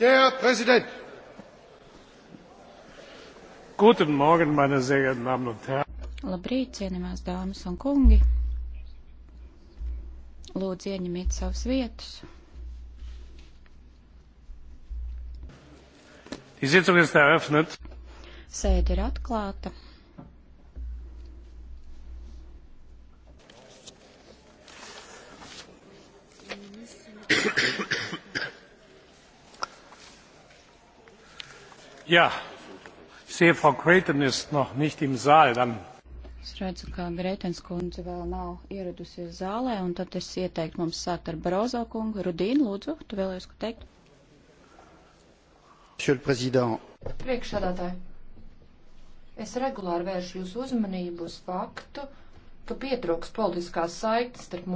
Der Präsident! Guten Morgen, meine sehr geehrten Damen und Herren! Labrīt, cienījamās dāmas un kungi! Lūdzu, ieņemiet savas vietas. Die Sitzung ist eröffnet. Sēde ir atklāta. Jā, es sehe, Frau Creighton ist noch nicht im Saal. Dann... Es redzu, ka Greitens kundze vēl nav ieradusies zālē, un tad es ieteiktu mums sākt ar Barozo kungu. Rudīnu, lūdzu, tu vēlējies ko teikt? Priekšsādātāji, es regulāri vēršu jūsu uzmanību uz faktu, ka pietrūks politiskās saites starp